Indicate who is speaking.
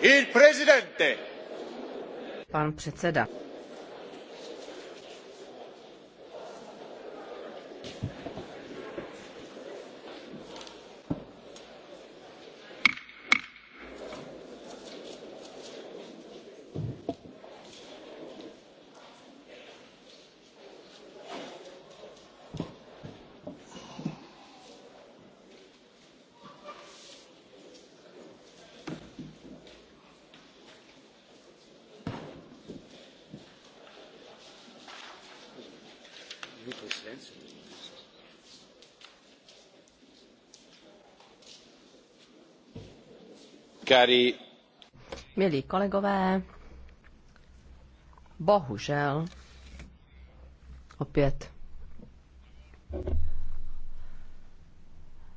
Speaker 1: Il presidente.
Speaker 2: Pan předseda.
Speaker 3: Milí kolegové, bohužel opět